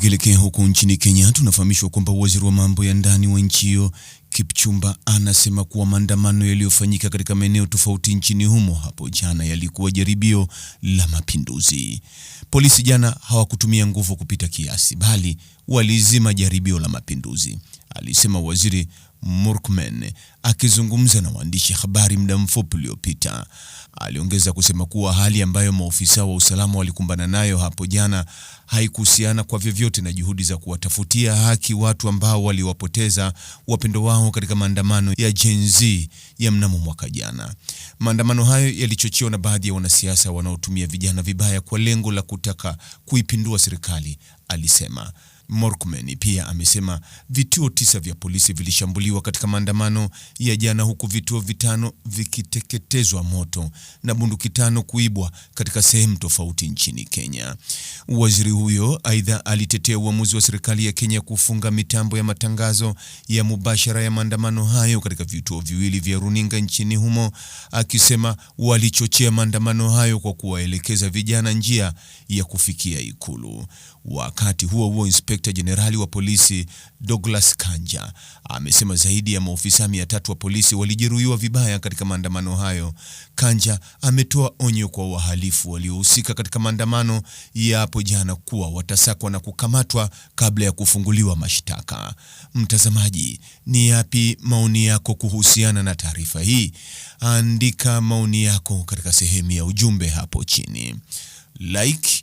Tukielekea huko nchini Kenya, tunafahamishwa kwamba waziri wa mambo ya ndani wa nchi hiyo Kipchumba anasema kuwa maandamano yaliyofanyika katika maeneo tofauti nchini humo hapo jana yalikuwa jaribio la mapinduzi. Polisi jana hawakutumia nguvu kupita kiasi, bali walizima jaribio la mapinduzi alisema Waziri Murkmen akizungumza na waandishi habari muda mfupi uliopita. Aliongeza kusema kuwa hali ambayo maofisa wa usalama walikumbana nayo hapo jana haikuhusiana kwa vyovyote na juhudi za kuwatafutia haki watu ambao waliwapoteza wapendo wao katika maandamano ya Gen Z ya mnamo mwaka jana. Maandamano hayo yalichochewa na baadhi ya wanasiasa wanaotumia vijana vibaya kwa lengo la kutaka kuipindua serikali, alisema. Murkomen pia amesema vituo tisa vya polisi vilishambuliwa katika maandamano ya jana huku vituo vitano vikiteketezwa moto na bunduki tano kuibwa katika sehemu tofauti nchini Kenya. Waziri huyo aidha alitetea uamuzi wa serikali ya Kenya kufunga mitambo ya matangazo ya mubashara ya maandamano hayo katika vituo viwili vya runinga nchini humo, akisema walichochea maandamano hayo kwa kuwaelekeza vijana njia ya kufikia Ikulu. Wakati huo huo, inspekta Inspekta Jenerali wa Polisi Douglas Kanja amesema zaidi ya maofisa mia tatu wa polisi walijeruhiwa vibaya katika maandamano hayo. Kanja ametoa onyo kwa wahalifu waliohusika katika maandamano ya hapo jana kuwa watasakwa na kukamatwa kabla ya kufunguliwa mashtaka. Mtazamaji, ni yapi maoni yako kuhusiana na taarifa hii? Andika maoni yako katika sehemu ya ujumbe hapo chini. Like,